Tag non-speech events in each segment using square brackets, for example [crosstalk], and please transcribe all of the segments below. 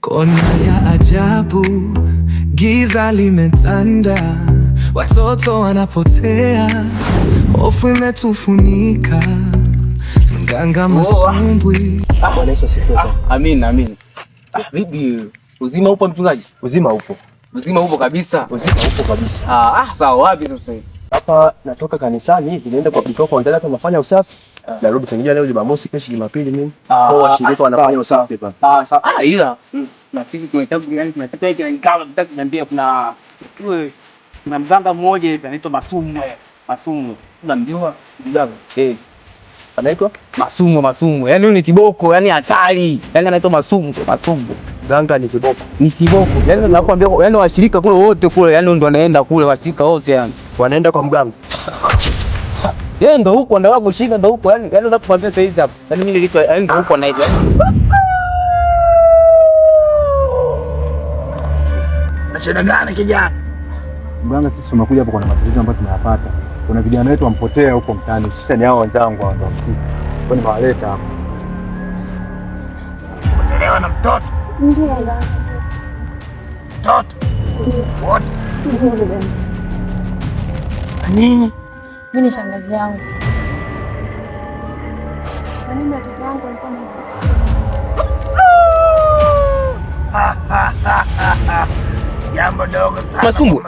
Kona ya ajabu, giza limetanda, watoto wanapotea, hofu imetufunika. Mganga masumbwi. Ah, ah, amin, amin. bibi, ah, uzima upo mchungaji? Uzima upo, uzima upo kabisa, uzima upo kabisa. Ah, sawa. Wapi sasa hivi? Hapa natoka kanisani hivi, naenda kwa kituo kuangalia kama nafanya usafi na Nairobi tangia leo Jumamosi, kesho Jumapili mimi. Ah, kwa washirika wanafanya usafi hapa. ah, sawa. Ah ila mm, nafikiri kwa kitabu gani tunataka hiki na kama nataka niambia kuna kuna mganga mmoja hivi anaitwa Masumu. Eh, Masumu. Unamjua? Mganga. Eh. Anaitwa Masumu Masumu. Yaani ni kiboko, yani hatari. Yaani anaitwa Masumu Masumu. Ganga ni kiboko. Ni kiboko. Yaani nakwambia, yaani washirika kule wote kule, yani ndo wanaenda kule washirika wote yani. Wanaenda kwa mganga. Yeye ndo huko ndo wako shida ndo huko. yani yaani, yaani unakwambia sasa hizi hapa. Yaani mimi nilikuwa yani ndo huko na hizo. Shida gani kijana? Mganga, sisi tumekuja hapa kwa matatizo ambayo tunayapata. Kuna vijana wetu wampotea huko mtaani. Sasa ni hao wenzangu hao ndo. Kwa nini wawaleta hapa? Unaelewa na mtoto? Ndio. Mtoto. What? Nini? Mimi ni shangazi yangu. Mimi watoto wangu walikuwa Jambo dogo sana. Masumbu.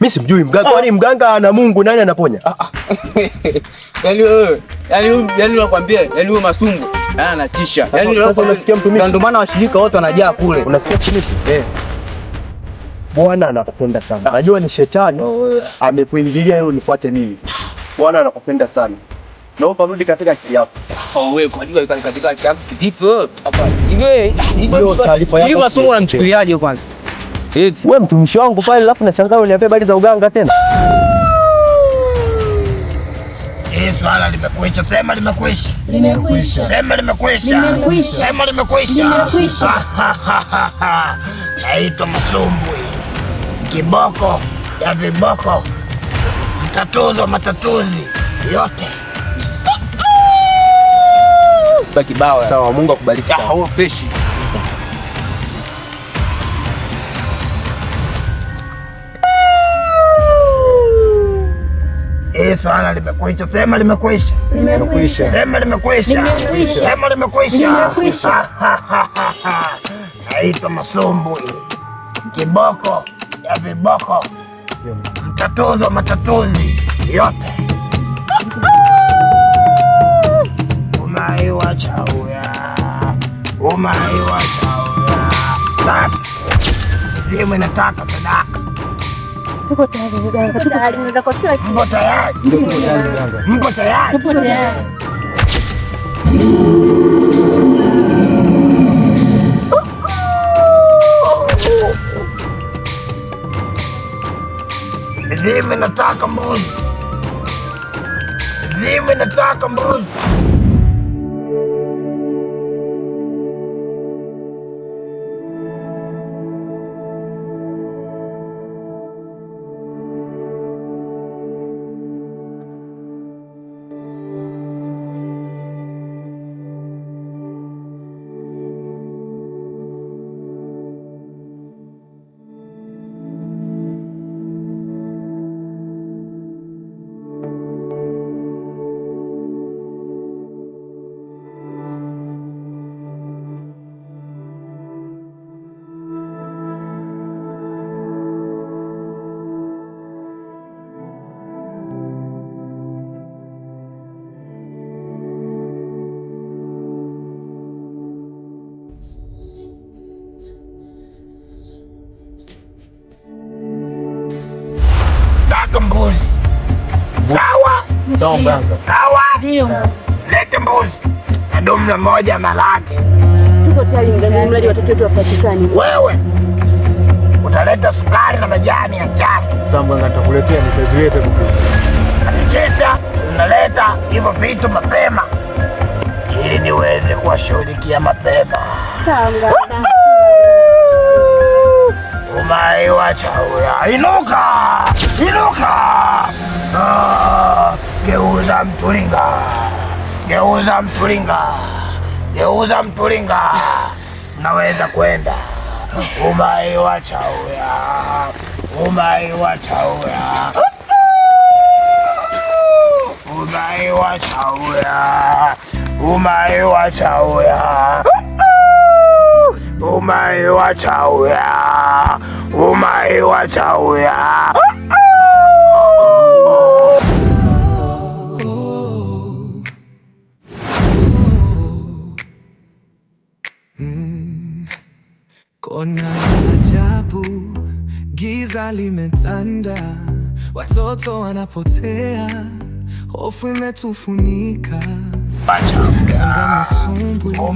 Mimi simjui mganga. Ah. Kwani oh, mganga ana Mungu nani anaponya? Ah, ah. [laughs] Yaani wewe, yaani yaani nakwambia, yaani, yaani wewe masumbu. Yaani anatisha. Yaani sasa unasikia mtumishi. Ndio maana washirika wote wanajaa kule. Unasikia mtumishi? Eh. Bwana anakupenda sana. Najua ni shetani oh, amekuingilia yeye unifuate mimi. Bwana anakupenda sana. Naomba rudi katika akili yako. Oh, wewe kwa nini katika akili yako? Vipi wewe? Hapa. Wewe ah, hiyo taarifa yako. Hiyo somo unamchukuliaje kwanza? Eti wewe mtumishi wangu pale alafu nachanganya uniambia habari za uganga tena. swala Sema Naitwa Kiboko ya viboko. Tatuzo matatuzi yote Baki kibao. Sawa, Mungu akubariki sana. Hao fresh. Hii swala limekuisha. Sema limekuisha. Limekuisha. Sema limekuisha. Limekuisha. Sema limekuisha. limekwisha. Naitwa Masumbwi, kiboko ya viboko Matatuzo matatuzi yote [laughs] umaiwacha huya, umaiwacha Safi, zimu inataka sadaka. Mpo tayari? tayari? tayari? Mpo tayari? Vime nataka mbuzi. Vime nataka mbuzi. Sawa. Ndio. Lete mbuzi na dume moja malaki. Tuko tayari mganga, mradi watoto wetu wapatikane. Wewe utaleta sukari na majani ya chai. mganga Unaleta hivyo vitu mapema ili niweze kuwashughulikia mapema. Sawa mganga. inuka inuka. Ah! Geuza mtulinga, geuza mtulinga, geuza mtulinga, naweza kwenda umaiwachauya, umaiwachauya, umaiwachauya, umaiwachauya, umaiwachauya, umaiwachauya ona ajabu, giza limetanda, watoto wanapotea, hofu imetufunika. Oh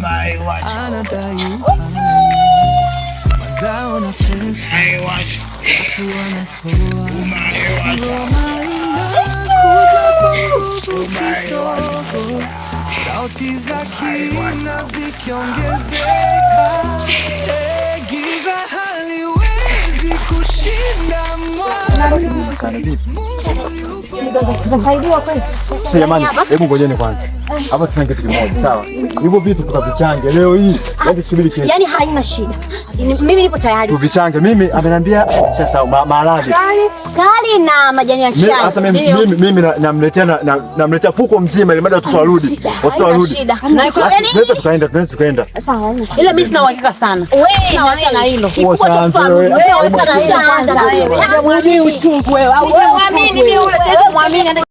Mazao na pesa watu wanatoa, ngoma oh inakuja kwa nguvu oh kidogo, sauti za kina zikiongezea Jamani, hebu ngojeni kwanza. Hapa tuna kitu kimoja, sawa? Hivyo vitu tutavichanga leo hii. Yaani subiri kesho. Yaani haina shida. Mimi nipo tayari. Tuvichange. Mimi ameniambia sasa maharage. Kali kali na majani ya chai. Sasa mimi mimi mimi namletea namletea fuko mzima ili baada watoto warudi. Watoto warudi. Na tunaweza tukaenda, tunaweza tukaenda. Sawa. Ila mimi sina uhakika sana. Wewe Sina uhakika na hilo. Kwa sababu Wewe wewe wewe wewe. Mimi uchungu wewe. wewe amini mimi wewe. tena muamini.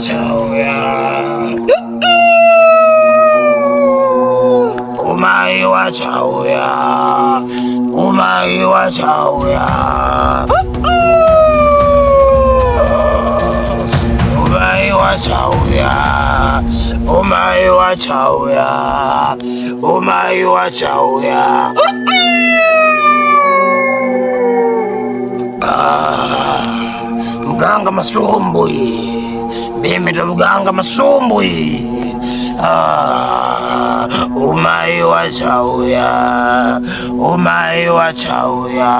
chauya umaiwa chauya umaiwa chauya umaiwa chauya umaiwa chauya umaiwa ah, chauya mganga masumbui mimi ndo mganga masumbwi. Ah, umai wa chauya, umai wa chauya.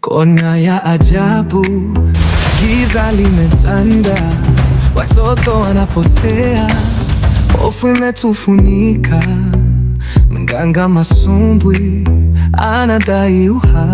Kona ya ajabu Giza limetanda, watoto wanapotea, hofu imetufunika. Mganga masumbwi anadai uhai.